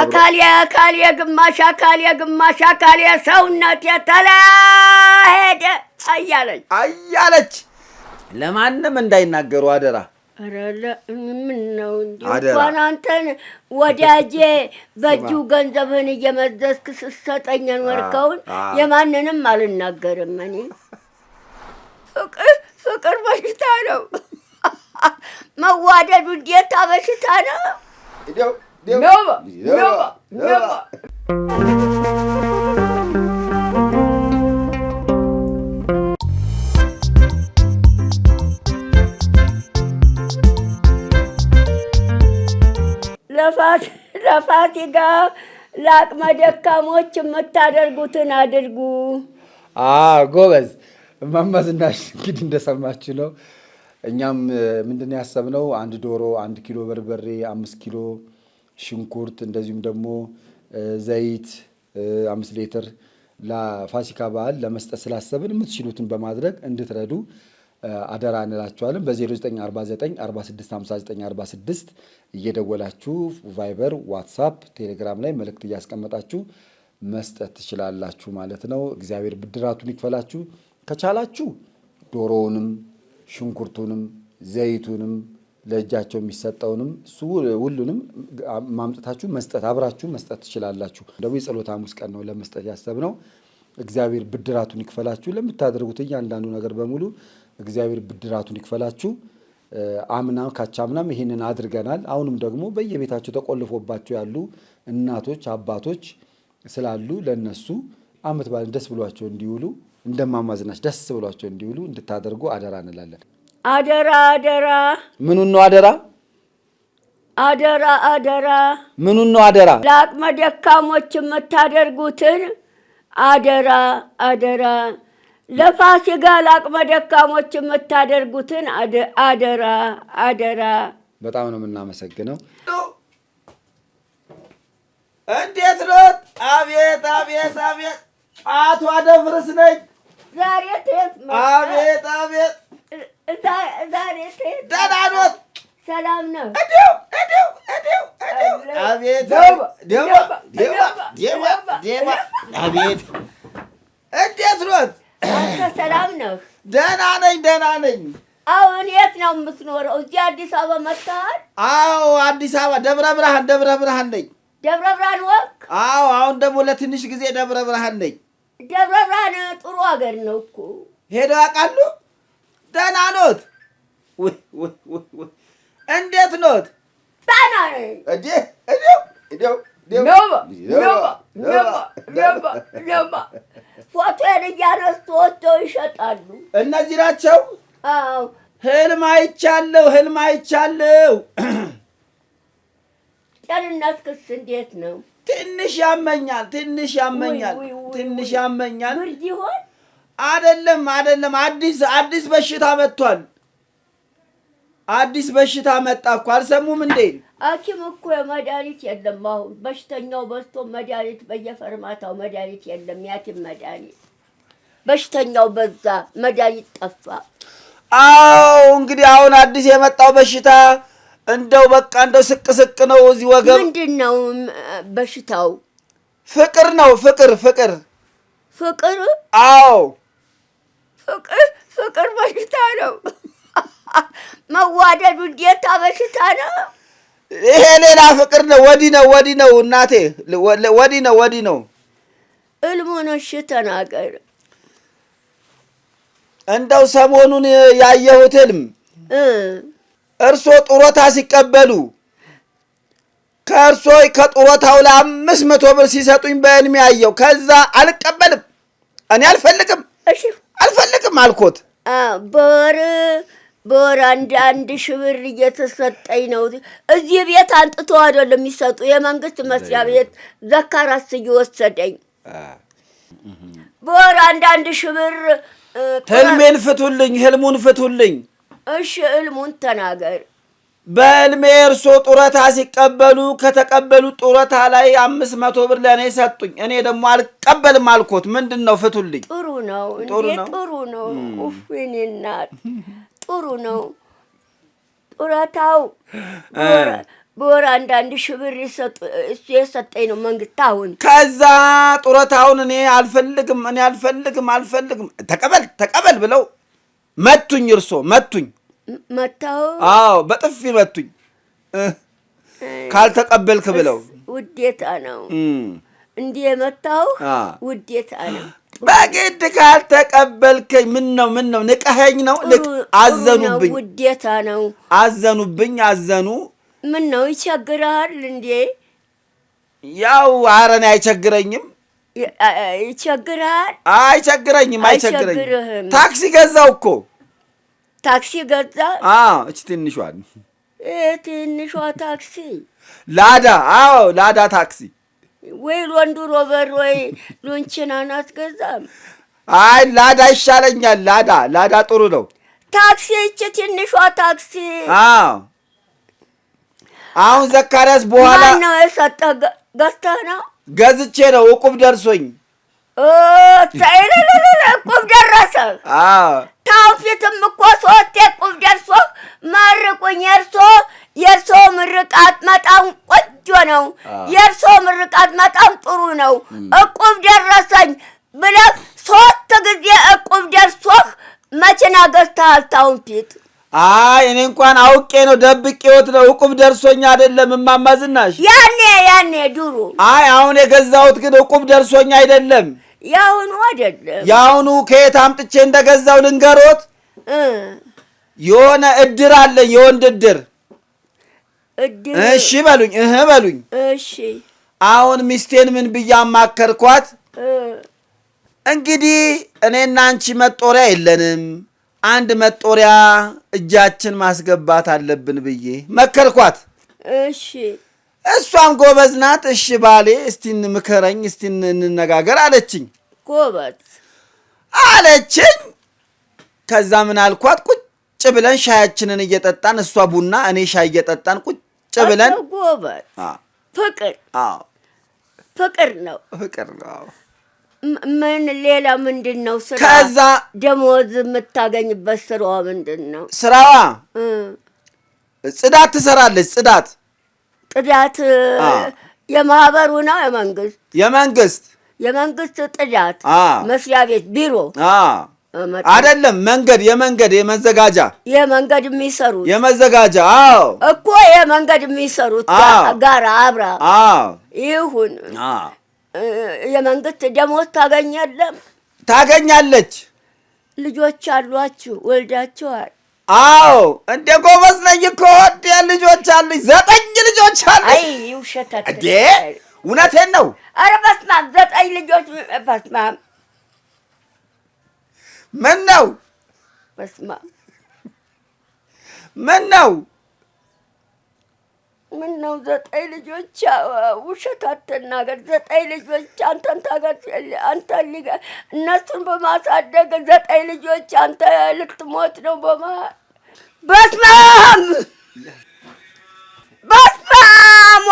አካል የአካል የግማሽ አካል የግማሽ አካል የሰውነት የተለሄደ አያለች አያለች ለማንም እንዳይናገሩ አደራ። ረለ ምን ነው እንዲ እንኳን አንተን ወዳጄ በእጁ ገንዘብህን እየመዘዝክ ስሰጠኘን ወርከውን የማንንም አልናገርም። እኔ ፍቅር ፍቅር በሽታ ነው። መዋደዱ እንዴታ በሽታ ነው። Nova! Nova! Nova! ለፋቲጋ ለአቅመ ደካሞች የምታደርጉትን አድርጉ። ጎበዝ መመዝናሽ እንግዲህ እንደሰማችሁ ነው። እኛም ምንድን ያሰብነው አንድ ዶሮ፣ አንድ ኪሎ በርበሬ፣ አምስት ኪሎ ሽንኩርት፣ እንደዚሁም ደግሞ ዘይት አምስት ሌትር ለፋሲካ በዓል ለመስጠት ስላሰብን የምትችሉትን በማድረግ እንድትረዱ አደራ እንላችኋለን። በ0949465946 እየደወላችሁ ቫይበር፣ ዋትሳፕ፣ ቴሌግራም ላይ መልእክት እያስቀመጣችሁ መስጠት ትችላላችሁ ማለት ነው። እግዚአብሔር ብድራቱን ይክፈላችሁ። ከቻላችሁ ዶሮውንም ሽንኩርቱንም ዘይቱንም ለእጃቸው የሚሰጠውንም እሱ ሁሉንም ማምጠታችሁ መስጠት አብራችሁ መስጠት ትችላላችሁ። ደግሞ የጸሎተ ሐሙስ ቀን ነው ለመስጠት ያሰብነው። እግዚአብሔር ብድራቱን ይክፈላችሁ። ለምታደርጉት እያንዳንዱ ነገር በሙሉ እግዚአብሔር ብድራቱን ይክፈላችሁ። አምና ካቻምናም ይህንን አድርገናል። አሁንም ደግሞ በየቤታቸው ተቆልፎባቸው ያሉ እናቶች አባቶች ስላሉ ለነሱ አመት በዓልን ደስ ብሏቸው እንዲውሉ እንደማማዝናች ደስ ብሏቸው እንዲውሉ እንድታደርጉ አደራ እንላለን። አደራ አደራ። ምኑን ነው አደራ? አደራ አደራ። ምኑን ነው አደራ? ለአቅመ ደካሞች የምታደርጉትን አደራ አደራ። ለፋሲካ ለአቅመ ደካሞች የምታደርጉትን አደራ አደራ። በጣም ነው የምናመሰግነው። እንዴት ነው? አቤት አቤት አቤት። አቶ አደፍርስ ነኝ ዛሬ። አቤት አቤት ደህና ኖት? ሰላም ነው? አቤት እንዴት ኖት? ሰላም ነው? ደህና ነኝ ደህና ነኝ። አሁን የት ነው የምትኖረው? እዚህ አዲስ አበባ መጥተሃል? አዎ አዲስ አበባ ደብረ ብርሃን ደብረ ብርሃን ነኝ። ደብረ ብርሃን ወቅ? አዎ አሁን ደግሞ ለትንሽ ጊዜ ደብረ ብርሃን ነኝ። ደብረ ብርሃን ጥሩ ሀገር ነው እኮ ሄደው ያውቃሉ? ደህና ኖት? እንዴት ኖት? ደህና ነኝ። ፎቶን እያነሱ ወስደው ይሸጣሉ። እነዚህ ናቸው። ህልም አይቻለሁ፣ ህልም አይቻለሁ። ጤንነት ክስ እንዴት ነው? ትንሽ ያመኛል፣ ትንሽ ያመኛል፣ ትንሽ ያመኛል። ብርድ ይሆን አደለም አደለም። አዲስ አዲስ በሽታ መጥቷል። አዲስ በሽታ መጣ እኮ አልሰሙም እንዴ? ሐኪም እኮ መድኃኒት የለም። አሁን በሽተኛው በዝቶ መድኃኒት በየፈርማታው መድኃኒት የለም። የሐኪም መድኃኒት በሽተኛው በዛ፣ መድኃኒት ጠፋ። አዎ እንግዲህ አሁን አዲስ የመጣው በሽታ እንደው በቃ እንደው ስቅ ስቅ ነው። እዚህ ወገብ ምንድን ነው በሽታው? ፍቅር ነው። ፍቅር ፍቅር ፍቅር። አዎ ፍቅር በሽታ ነው። መዋደዱ እንዴታ በሽታ ነው። ይሄ ሌላ ፍቅር ነው። ወዲህ ነው፣ ወዲ ነው እናቴ፣ ወዲ ነው፣ ወዲ ነው ወዲ ነው እልሙን እሺ ተናገር። እንደው ሰሞኑን ያየሁት እልም እርሶ ጡረታ ሲቀበሉ ከእርሶ ከጡረታው ለአምስት መቶ ብር ሲሰጡኝ በእልም ያየው። ከዛ አልቀበልም፣ እኔ አልፈልግም። እሺ አልፈልግም አልኮት። በወር በወር አንድ አንድ ሺህ ብር እየተሰጠኝ ነው። እዚህ ቤት አንጥቶ አይደለም የሚሰጡ የመንግስት መስሪያ ቤት ዘካራስ እየወሰደኝ በወር አንድ አንድ ሺህ ብር። ህልሜን ፍቱልኝ፣ ህልሙን ፍቱልኝ። እሺ ህልሙን ተናገር በሕልሜ እርሶ ጡረታ ሲቀበሉ ከተቀበሉ ጡረታ ላይ አምስት መቶ ብር ለእኔ ሰጡኝ። እኔ ደግሞ አልቀበልም አልኮት። ምንድን ነው ፍቱልኝ። ጥሩ ነው ጥሩ ነው። ኡፍ የእኔ እናት ጥሩ ነው። ጡረታው በወር አንዳንድ ሺህ ብር የሰጠኝ ነው መንግስት። አሁን ከዛ ጡረታውን እኔ አልፈልግም እኔ አልፈልግም አልፈልግም ተቀበል ተቀበል ብለው መቱኝ። እርሶ መቱኝ መታው። አዎ በጥፊ መቱኝ። ካልተቀበልክ ብለው ውዴታ ነው እንዲህ የመታው ውዴታ ነው። በግድ ካልተቀበልከኝ ምን ነው ምን ነው ንቀኸኝ ነው። አዘኑብኝ፣ ውዴታ ነው። አዘኑብኝ፣ አዘኑ። ምን ነው ይቸግርሃል እንዴ? ያው አረን አይቸግረኝም። ይቸግርሃል? አይቸግረኝም፣ አይቸግረኝም። ታክሲ ገዛው እኮ ታክሲ ገዛ። አዎ እች ትንሿን ትንሿ ታክሲ ላዳ። አዎ ላዳ ታክሲ ወይ ሎንዱ ሮቨር ወይ ሎንችናን አትገዛም። አይ ላዳ ይሻለኛል። ላዳ ላዳ ጥሩ ነው። ታክሲ እች ትንሿ ታክሲ። አዎ አሁን ዘካርያስ በኋላ ነው የሰጠ ገዝተህ ነው? ገዝቼ ነው። እቁብ ደርሶኝ። እቁብ ደረሰ። አዎ ከአሁን እኮ ሶስት ቁብ ደርሶ መርቁኝ። የእርሶ የእርሶ ምርቃት መጣም ቆጆ ነው። የእርሶ ምርቃት መጣም ጥሩ ነው። እቁብ ደረሰኝ ብለህ ሶስት ጊዜ እቁብ ደርሶህ መኪና ገዝተሃል። ታውንፊት ፊት አይ እኔ እንኳን አውቄ ነው ደብቄዎት ነው። እቁብ ደርሶኝ አይደለም እማማ ዝናሽ፣ ያኔ ያኔ ድሮ። አይ አሁን የገዛሁት ግን እቁብ ደርሶኝ አይደለም ያውኑ አይደለም። ያውኑ ከየት አምጥቼ እንደገዛው ልንገሮት። የሆነ እድር አለኝ፣ የወንድ እድር። እሺ በሉኝ፣ እህ በሉኝ። እሺ አሁን ሚስቴን ምን ብዬ አማከርኳት? እንግዲህ እኔና አንቺ መጦሪያ የለንም፣ አንድ መጦሪያ እጃችን ማስገባት አለብን ብዬ መከርኳት። እሺ እሷም ጎበዝ ናት። እሺ ባሌ፣ እስቲ ምከረኝ፣ እስቲ እንነጋገር አለችኝ። ጎበዝ አለችኝ። ከዛ ምን አልኳት? ቁጭ ብለን ሻያችንን እየጠጣን እሷ ቡና፣ እኔ ሻይ እየጠጣን ቁጭ ብለን ጎበዝ ፍቅር ፍቅር ነው ፍቅር ነው። ምን ሌላ ምንድን ነው ስራ? ከዛ ደሞዝ የምታገኝበት ስራዋ ምንድን ነው? ስራዋ ጽዳት ትሰራለች። ጽዳት ጥዳት የማህበሩ ነው የመንግስት የመንግስት የመንግስት ጥዳት መስሪያ ቤት ቢሮ አይደለም መንገድ የመንገድ የመዘጋጃ የመንገድ የሚሰሩት የመዘጋጃ አዎ እኮ የመንገድ የሚሰሩት ጋራ አብራ ይሁን የመንግስት ደሞዝ ታገኛለም ታገኛለች ልጆች አሏችሁ ወልዳችኋል አዎ እንደ ጎበዝ ነኝ እኮ ወድ ልጆች አሉኝ፣ ዘጠኝ ልጆች አሉኝ። ውሸት እንዴ? እውነቴን ነው። ኧረ በስመ አብ ዘጠኝ ልጆች በስመ አብ። ምን ነው? በስመ አብ ምን ነው? ምን ነው ዘጠኝ ልጆች ውሸት አትናገር። ዘጠኝ ልጆች አንተን ታገር አንተ እነሱን በማሳደግ ዘጠኝ ልጆች አንተ ልትሞት ነው። በስመ አብ በስመ አብ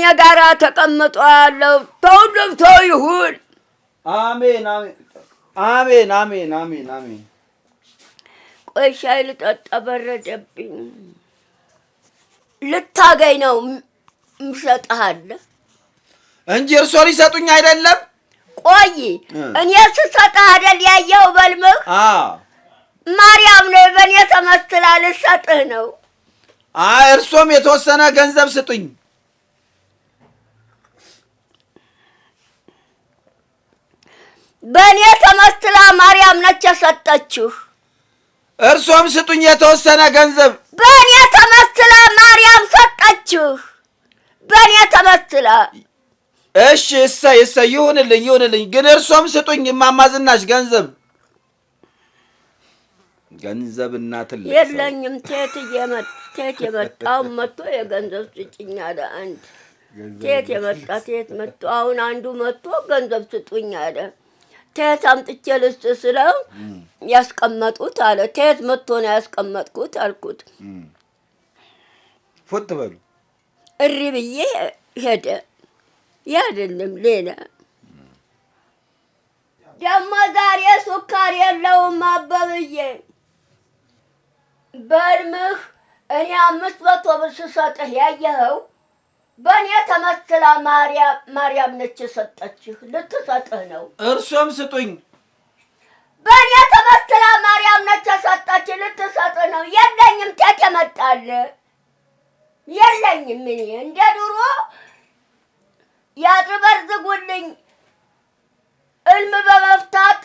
ከእኔ ጋር ተቀምጧል። ተሁሉም ሰው ይሁን። አሜን አሜን አሜን አሜን አሜን። ቆይ ሻይ ልጠጣ በረደብኝ። ልታገኝ ነው ምሰጥሃል እንጂ እርሶ ሊሰጡኝ አይደለም። ቆይ እኔ ስሰጥህ አይደል ያየው በልምህ ማርያም ነው በእኔ ተመስላ ልሰጥህ ነው። እርሶም የተወሰነ ገንዘብ ስጡኝ። በእኔ ተመስላ ማርያም ነች የሰጠችሁ። እርሶም ስጡኝ የተወሰነ ገንዘብ። በእኔ ተመስላ ማርያም ሰጠችሁ። በእኔ ተመስላ። እሺ፣ እሰይ እሰይ፣ ይሁንልኝ ይሁንልኝ። ግን እርሶም ስጡኝ የማማዝናሽ ገንዘብ ገንዘብ እና ትልቅ የለኝም። ቴት ቴት የመጣው መጥቶ የገንዘብ ስጭኝ አለ። አንድ ቴት የመጣ ቴት መጥቶ አሁን አንዱ መጥቶ ገንዘብ ስጡኝ አለ። ከየት አምጥቼ ልስጥ ስለው ያስቀመጡት አለ። ከየት መጥቶ ነው ያስቀመጥኩት አልኩት። ፎት በሉ እሪ ብዬ ሄደ። ያ አይደለም ሌላ ደግሞ ዛሬ ሱካር የለውም አበብዬ በእድምህ እኔ አምስት መቶ ብር ስሰጥህ ያየኸው በእኔ ተመስላ ማርያም ነች የሰጠችህ፣ ልትሰጥህ ነው። እርሶም ስጡኝ። በእኔ ተመስላ ማርያም ነች የሰጠችህ፣ ልትሰጥህ ነው። የለኝም፣ ቴት የመጣል የለኝም። እኔ እንደ ድሮ ያጥበርዝጉልኝ እልም በመፍታት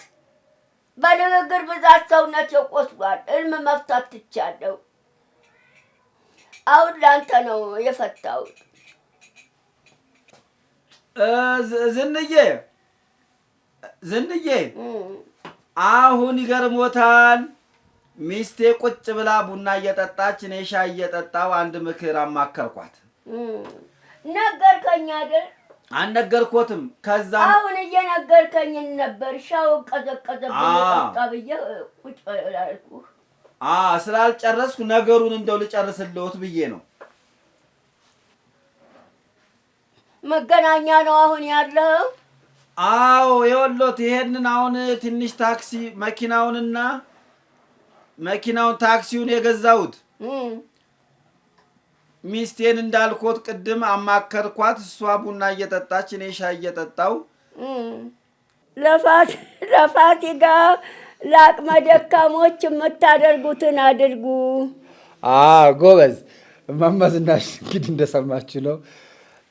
በንግግር ብዛት ሰውነት የቆስሏል። እልም መፍታት ትቻለሁ። አሁን ላንተ ነው የፈታሁት። ዝንዬ ዝንዬ አሁን ይገርሞታል። ሚስቴ ቁጭ ብላ ቡና እየጠጣች እኔ ሻይ እየጠጣው አንድ ምክር አማከርኳት። ነገርከኝ አይደል? አልነገርኮትም። ከዛ አሁን እየነገርከኝ ነበር። ሻው ቀዘቀዘ ብዬ ቁጭ ስላልጨረስኩ ነገሩን እንደው ልጨርስልዎት ብዬ ነው። መገናኛ ነው አሁን ያለው። አዎ የወሎት ይሄንን አሁን ትንሽ ታክሲ መኪናውንና መኪናውን ታክሲውን የገዛሁት ሚስቴን እንዳልኮት ቅድም አማከርኳት። እሷ ቡና እየጠጣች እኔ ሻይ እየጠጣው ለፋሲካ ለአቅመ ደካሞች የምታደርጉትን አድርጉ። ጎበዝ መመዝናሽ እንግዲህ እንደሰማችሁ ነው።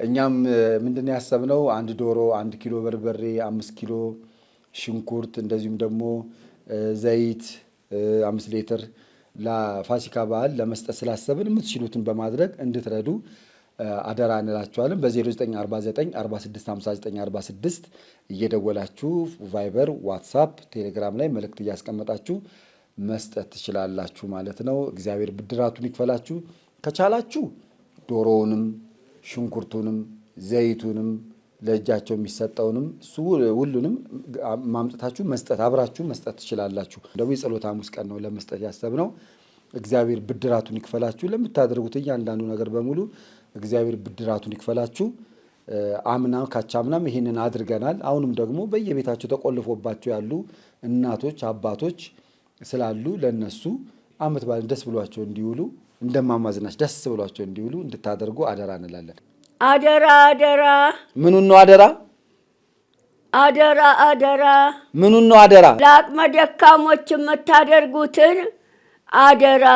እኛም ምንድን ያሰብነው አንድ ዶሮ አንድ ኪሎ በርበሬ፣ አምስት ኪሎ ሽንኩርት እንደዚሁም ደግሞ ዘይት አምስት ሌትር ለፋሲካ በዓል ለመስጠት ስላሰብን የምትችሉትን በማድረግ እንድትረዱ አደራ እንላችኋለን። በ0949465946 እየደወላችሁ ቫይበር፣ ዋትሳፕ፣ ቴሌግራም ላይ መልእክት እያስቀመጣችሁ መስጠት ትችላላችሁ ማለት ነው። እግዚአብሔር ብድራቱን ይክፈላችሁ። ከቻላችሁ ዶሮውንም ሽንኩርቱንም ዘይቱንም ለእጃቸው የሚሰጠውንም እሱ ሁሉንም ማምጣታችሁ መስጠት አብራችሁ መስጠት ትችላላችሁ። ደግሞ የጸሎት ሐሙስ ቀን ነው ለመስጠት ያሰብነው። እግዚአብሔር ብድራቱን ይክፈላችሁ። ለምታደርጉት እያንዳንዱ ነገር በሙሉ እግዚአብሔር ብድራቱን ይክፈላችሁ። አምና ካቻምናም ይህንን አድርገናል። አሁንም ደግሞ በየቤታቸው ተቆልፎባቸው ያሉ እናቶች አባቶች ስላሉ ለነሱ አመት በዓልን ደስ ብሏቸው እንዲውሉ እንደማማዝናች ደስ ብሏቸው እንዲውሉ እንድታደርጉ አደራ እንላለን። አደራ አደራ። ምኑን ነው አደራ? አደራ አደራ። ምኑን ነው አደራ? ለአቅመ ደካሞች የምታደርጉትን አደራ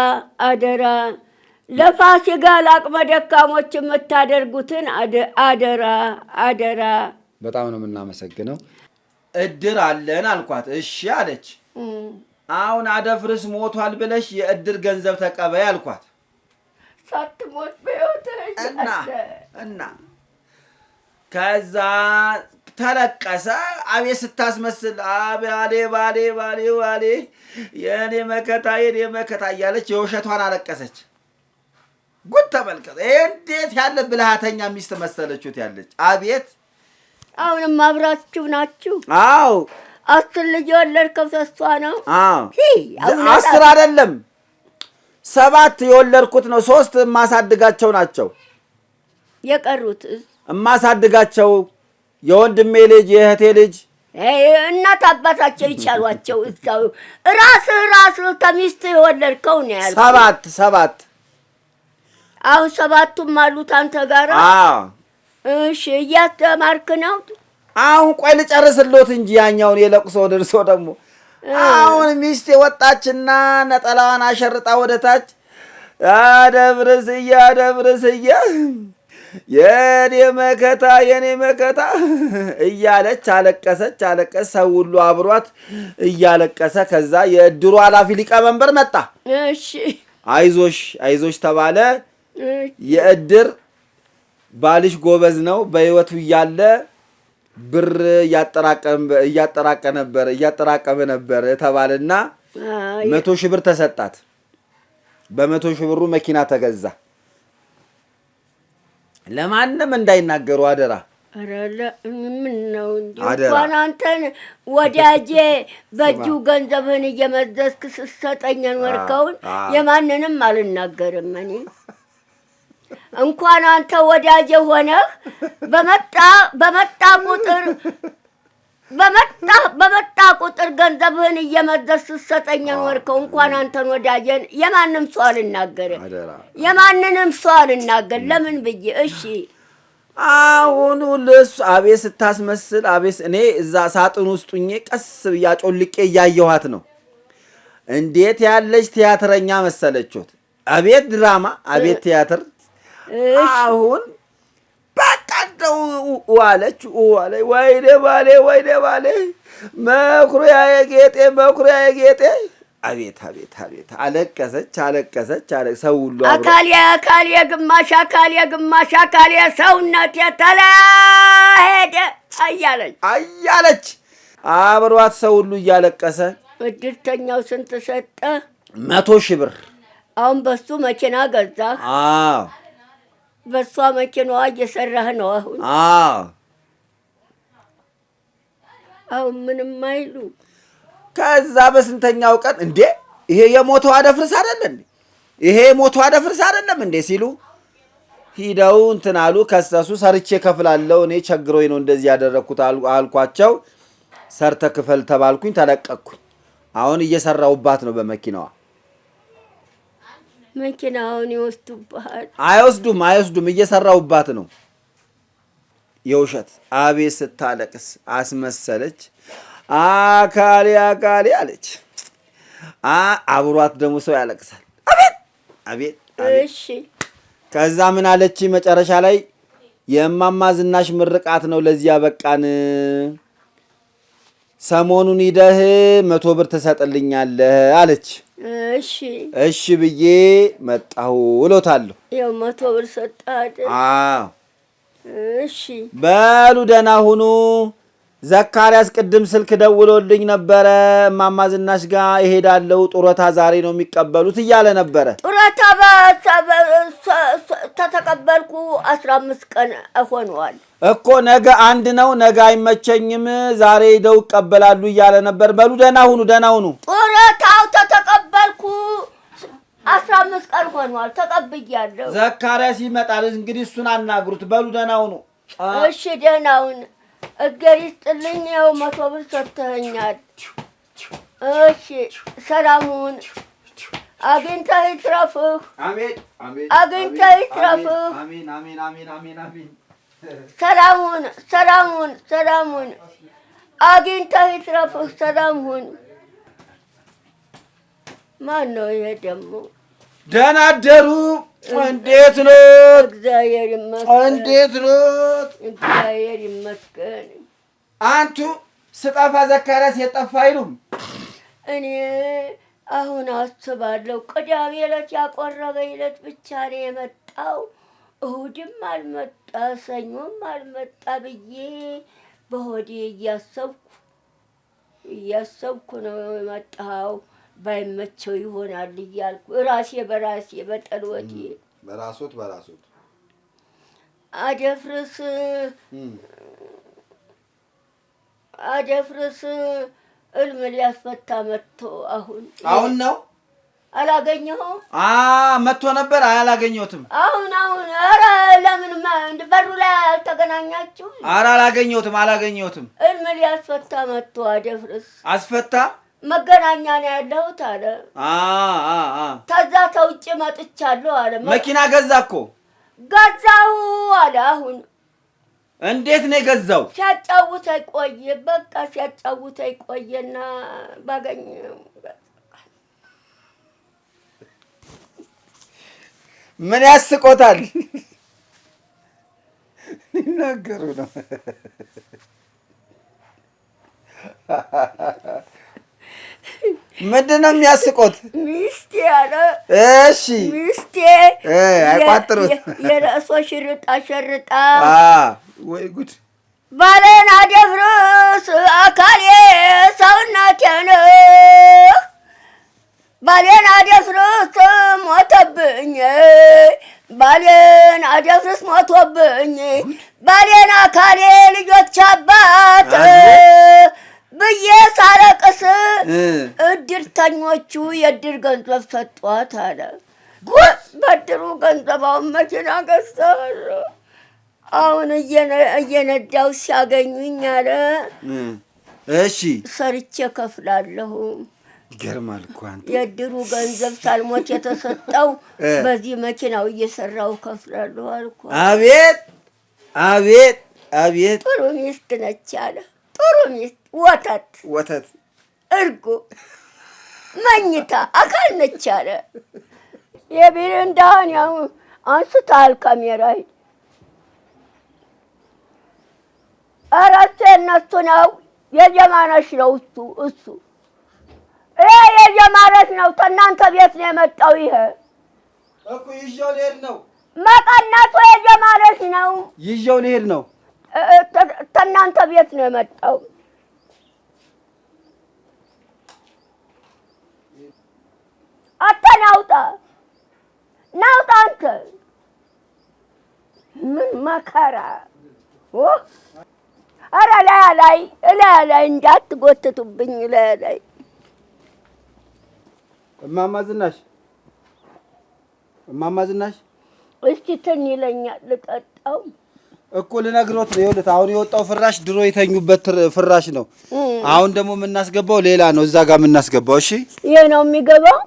አደራ። ለፋሲካ ለአቅመ ደካሞች የምታደርጉትን አደራ አደራ። በጣም ነው የምናመሰግነው። እድር አለን አልኳት። እሺ አለች። አሁን አደፍርስ ሞቷል ብለሽ የእድር ገንዘብ ተቀበይ አልኳት። ሳትሞት በሕይወት እና እና ከዛ ተለቀሰ። አቤት ስታስመስል ባሌ ባሌ ባሌ ባሌ የእኔ መከታ የእኔ መከታ እያለች የውሸቷን አለቀሰች። ጉድ ተመልከት። እንዴት ያለ ብልሃተኛ ሚስት መሰለችት ያለች። አቤት አሁንም አብራችሁ ናችሁ? አዎ። አስር ልጅ ወለድከው ከሷ ነው? አስር አይደለም ሰባት የወለድኩት ነው። ሶስት የማሳድጋቸው ናቸው። የቀሩት እማሳድጋቸው የወንድሜ ልጅ የእህቴ ልጅ እናት አባታቸው ይቻሏቸው እዛው ራስ ራስ ከሚስት የወለድከው ነው ያልኩት። ሰባት ሰባት አሁን ሰባቱም አሉት አንተ ጋር። እሺ እያስተማርክ ነው አሁን። ቆይ ልጨርስሎት እንጂ ያኛውን የለቅሶ ድርሶ ደግሞ አሁን ሚስት የወጣችና ነጠላዋን አሸርጣ ወደታች አደብረ ስዬ የኔ መከታ የኔ መከታ እያለች አለቀሰች። አለቀስ ሰው ሁሉ አብሯት እያለቀሰ ከዛ የእድሩ ኃላፊ ሊቀመንበር መጣ። እሺ አይዞሽ አይዞሽ ተባለ። የእድር ባልሽ ጎበዝ ነው በህይወቱ እያለ ብር እያጠራቀ ነበር እያጠራቀመ ነበር ተባለና መቶ ሺህ ብር ተሰጣት። በመቶ ሺህ ብሩ መኪና ተገዛ። ለማንም እንዳይናገሩ አደራ። ምነው እንኳን አንተን ወዳጄ በእጁ ገንዘብህን እየመዘዝክ ስሰጠኝ ኖርከውን የማንንም አልናገርም እኔ እንኳን አንተ ወዳጅ የሆነህ በመጣ በመጣ ቁጥር በመጣ በመጣ ቁጥር ገንዘብህን እየመዘዝ ስትሰጠኝ የኖርከው እንኳን አንተን ወዳጀን የማንም ሰው አልናገር የማንንም ሰው አልናገር ለምን ብዬ እሺ አሁኑ ልሱ አቤት ስታስመስል አቤት እኔ እዛ ሳጥን ውስጡኜ ቀስ ብዬ አጮልቄ እያየኋት ነው እንዴት ያለች ቲያትረኛ መሰለችት አቤት ድራማ አቤት ቲያትር አሁን በቃ እንደው ዋለች ዋለ ወይኔ ባሌ ወይኔ ባሌ መኩሪያ የጌጤ መኩሪያ የጌጤ አቤት አቤት አቤት! አለቀሰች አለቀሰች አለ ሰው ሁሉ አካል የአካል የግማሽ አካል የግማሽ አካል የሰውነት የተላሄደ አያለች አያለች አብሯት ሰው ሁሉ እያለቀሰ እድርተኛው ስንት ሰጠ? መቶ ሺህ ብር። አሁን በሱ መኪና ገዛ። አዎ በእሷ መኪናዋ እየሰራህ ነው አሁን? አሁን ምንም አይሉ። ከዛ በስንተኛው ቀን እንዴ ይሄ የሞተው አደፍርስ አይደለም ይሄ የሞተው አደፍርስ አይደለም እንዴ ሲሉ ሂደው እንትን አሉ፣ ከሰሱ። ሰርቼ ከፍላለው እኔ ቸግሮኝ ነው እንደዚህ ያደረግኩት አልኳቸው። ሰርተ ክፈል ተባልኩኝ፣ ተለቀቅኩኝ። አሁን እየሰራውባት ነው በመኪናዋ መኪናውን ይወስዱባት። አይወስዱም፣ አይወስዱም። እየሰራውባት ነው የውሸት አቤት ስታለቅስ አስመሰለች። አካሌ አካሌ አለች። አብሯት ደግሞ ሰው ያለቅሳል። አቤት አቤት። እሺ ከዛ ምን አለች መጨረሻ ላይ የእማማ ዝናሽ ምርቃት ነው ለዚህ ያበቃን። ሰሞኑን ሂደህ መቶ ብር ትሰጥልኛለህ አለች። እሺ እሺ ብዬ መጣሁ እሎታለሁ። ያው መቶ ብር ሰጣት። አዎ እሺ በሉ ደህና ሁኑ። ዘካርያስ ቅድም ስልክ ደውሎልኝ ነበረ። እማማ ዝናሽ ጋር እሄዳለሁ፣ ጡረታ ዛሬ ነው የሚቀበሉት እያለ ነበረ። ጡረታ ተተቀበልኩ አስራ አምስት ቀን ሆነዋል። እኮ ነገ አንድ ነው፣ ነገ አይመቸኝም፣ ዛሬ ሄደው ይቀበላሉ እያለ ነበር። በሉ ደህና ሁኑ፣ ደህና ሁኑ። ጡረታው ተተቀበልኩ አስራ አምስት ቀን ሆኗል፣ ተቀብያለሁ። ዘካርያስ ይመጣል እንግዲህ እሱን አናግሩት። በሉ ደህና ሁኑ። እሺ ደህና ሁን። እገር ይስጥልኝ። ያው መቶ ብር ሰጥተኸኛል። እሺ ሰላም ሁን። አግኝተህ ይትረፍህ፣ አግኝተህ ይትረፍህ። ሰላም ሁን፣ ሰላም ሁን፣ ሰላም ሁን። አግኝተህ ይትረፍህ። ሰላም ማን ነው ይሄ ደግሞ? ደህና አደሩ። እንዴት ነው? እግዚአብሔር ይመስገን። እንዴት ነው? እግዚአብሔር ይመስገን። አንቱ ስጠፋ ዘካሪያስ የጠፋ አይሉም። እኔ አሁን አስባለሁ። ቅዳሜ ዕለት ያቆረበ ዕለት ብቻ ነው የመጣው እሁድም አልመጣ ሰኞም አልመጣ ብዬ በሆዴ እያሰብኩ እያሰብኩ ነው የመጣው። ባይመቸው ይሆናል እያልኩ ራሴ በራሴ በጠልወቴ በራሶት በራሶት አደፍርስ አደፍርስ እልም ሊያስፈታ መጥቶ አሁን አሁን ነው አላገኘኸውም? መጥቶ ነበር አላገኘሁትም። አሁን አሁን ኧረ ለምን በሩ ላይ አልተገናኛችሁም? ኧረ አላገኘሁትም አላገኘሁትም። እልም ሊያስፈታ መጥቶ አደፍርስ አስፈታ መገናኛ ነው ያለሁት አለ። ከዛ ተውጭ መጥቻለሁ አለ። መኪና ገዛ እኮ ገዛሁ አለ። አሁን እንዴት ነው የገዛው? ሲያጫውተኝ ቆየ። በቃ ሲያጫውተኝ ቆየና ባገኘው ምን ያስቆታል? ሊናገሩ ነው። ምንድን ነው የሚያስቆት? ሚስቴ አለ። እሺ ሚስቴ አይቋጥሩት። የረእሶ ሽርጣ ሸርጣ ወይ ጉድ ባለን አደፍርስ አካሌ ሰውነቴ ነው ባሌን አደፍርስ ሞተብኝ፣ ባሌን አደፍርስ ሞቶብኝ፣ ባሌን አካሌ ልጆች አባት ብዬ ሳለቅስ እድርተኞቹ የእድር ገንዘብ ሰጧት አለ። በድሩ ገንዘባውን መኪና ገዝተዋል። አሁን እየነዳው ሲያገኙኝ አለ እሺ ሰርቼ ከፍላለሁ ይገርማል እኮ አንተ። የእድሩ ገንዘብ ሳልሞት የተሰጠው በዚህ መኪናው እየሰራው ከፍላለሁ አልኩ። አቤት አቤት አቤት! ጥሩ ሚስት ነች አለ። ጥሩ ሚስት ወተት ወተት፣ እርጎ፣ መኝታ አካል ነች አለ። የቢረንዳህን ያው አንስታል ካሜራ አራት የእነሱ ነው የጀማነሽ ነው እሱ እሱ ይሄ ማለት ነው። ከእናንተ ቤት ነው የመጣው። ይሄ እኮ ይዤው ልሄድ ነው። መቀነቱ ማለት ነው። ይዤው ልሄድ ነው። ከእናንተ ቤት ነው የመጣው። አንተን ናውጣ። አንተ ምን መከራ! ኧረ እላያ ላይ እላያ ላይ እንዳትጎትቱብኝ እላያ ላይ እማማ ዝናሽ እማማ ዝናሽ እስኪ እንትን ይለኛል። ልጠጣው እኮ ልነግሮት ነው። ይኸውልህ አሁን የወጣው ፍራሽ ድሮ የተኙበት ፍራሽ ነው። አሁን ደግሞ የምናስገባው ሌላ ነው። እዛ ጋር የምናስገባው እሺ፣ ይሄ ነው የሚገባው።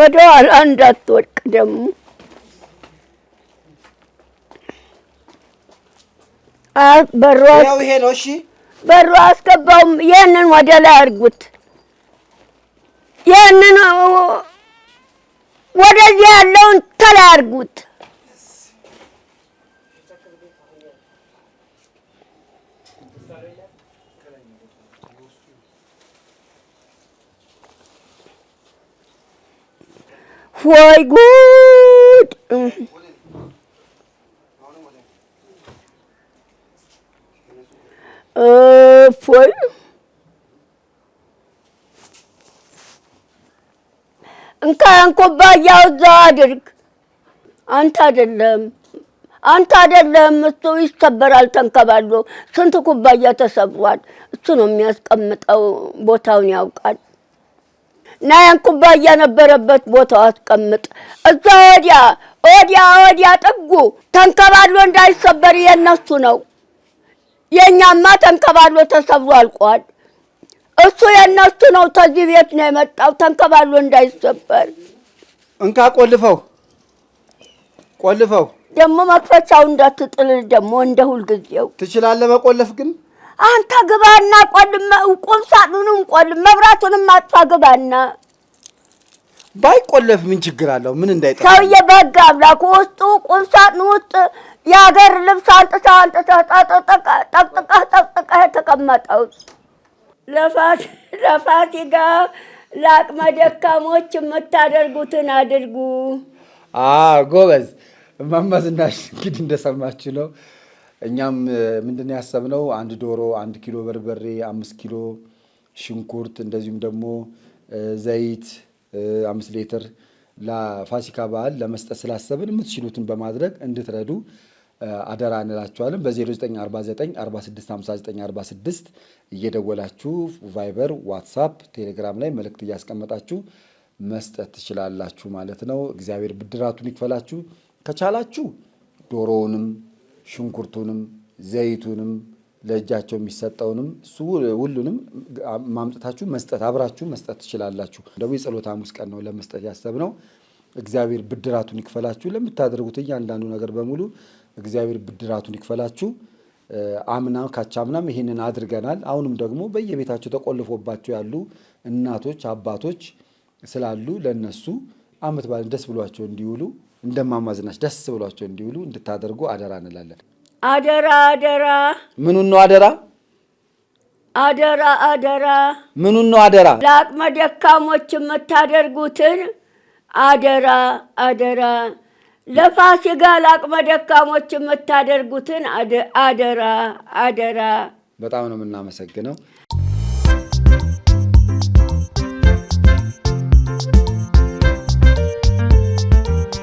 ወደ ኋላ እንዳትወድቅ ደግሞ በሩ ይሄ ነው። እሺ፣ በሩ አስገባውም። ይህንን ወደ ላይ አድርጉት። ይህንን ወደዚህ ያለውን ተላርጉት። ወይ ጉድ! እፎይ እንካን ኩባያው እዛ አድርግ። አንተ አይደለም አንተ አይደለም። እሱ ይሰበራል ተንከባሎ። ስንት ኩባያ ተሰብሯል። እሱ ነው የሚያስቀምጠው፣ ቦታውን ያውቃል። ናያን ኩባያ ነበረበት ቦታው አስቀምጥ። እዛ ወዲያ ወዲያ ወዲያ ጥጉ ተንከባሎ እንዳይሰበር የነሱ ነው። የእኛማ ተንከባሎ ተሰብሮ አልቋል። እሱ የእነሱ ነው። ተዚህ ቤት ነው የመጣው ተንከባሎ እንዳይሰበር። እንካ ቆልፈው ቆልፈው። ደግሞ መክፈቻው እንዳትጥል ደግሞ እንደ ሁልጊዜው ትችላለህ መቆለፍ ግን አንተ ግባና ቆልም፣ ቁም ሳጥኑን ቆል መብራቱንም አጥፋ። ግባና ባይቆለፍ ምን ችግር አለው? ምን እንዳይጠፋ ሰውዬ በግ አምላክ ውስጡ ቁም ሳጥኑ ውስጥ የሀገር ልብስ አንጥተህ አንጥተህ ጠቅጥቀህ ጠቅጥቀህ የተቀመጠው ለፋቲጋ ለአቅመ ደካሞች የምታደርጉትን አድርጉ። ጎበዝ ማማዝናሽ እንግዲህ እንደሰማችሁ ነው። እኛም ምንድን ያሰብነው አንድ ዶሮ፣ አንድ ኪሎ በርበሬ፣ አምስት ኪሎ ሽንኩርት እንደዚሁም ደግሞ ዘይት አምስት ሊትር ለፋሲካ በዓል ለመስጠት ስላሰብን የምትችሉትን በማድረግ እንድትረዱ አደራ እንላችኋለን። በ0949465946 እየደወላችሁ ቫይበር፣ ዋትሳፕ፣ ቴሌግራም ላይ መልእክት እያስቀመጣችሁ መስጠት ትችላላችሁ ማለት ነው። እግዚአብሔር ብድራቱን ይክፈላችሁ። ከቻላችሁ ዶሮውንም ሽንኩርቱንም ዘይቱንም ለእጃቸው የሚሰጠውንም እሱ ሁሉንም ማምጠታችሁ መስጠት አብራችሁ መስጠት ትችላላችሁ። ደግሞ የጸሎት ሐሙስ ቀን ነው ለመስጠት ያሰብነው። እግዚአብሔር ብድራቱን ይክፈላችሁ። ለምታደርጉት እያንዳንዱ ነገር በሙሉ እግዚአብሔር ብድራቱን ይክፈላችሁ። አምና ካቻምናም ይህንን አድርገናል። አሁንም ደግሞ በየቤታቸው ተቆልፎባቸው ያሉ እናቶች አባቶች ስላሉ ለነሱ አመት በዓልን ደስ ብሏቸው እንዲውሉ እንደማማዝናች ደስ ብሏቸው እንዲውሉ እንድታደርጉ አደራ እንላለን። አደራ አደራ። ምኑን ነው አደራ? አደራ አደራ። ምኑን ነው አደራ? ለአቅመ ደካሞች የምታደርጉትን አደራ አደራ ለፋሲካ ለአቅመ ደካሞች የምታደርጉትን አደራ አደራ። በጣም ነው የምናመሰግነው።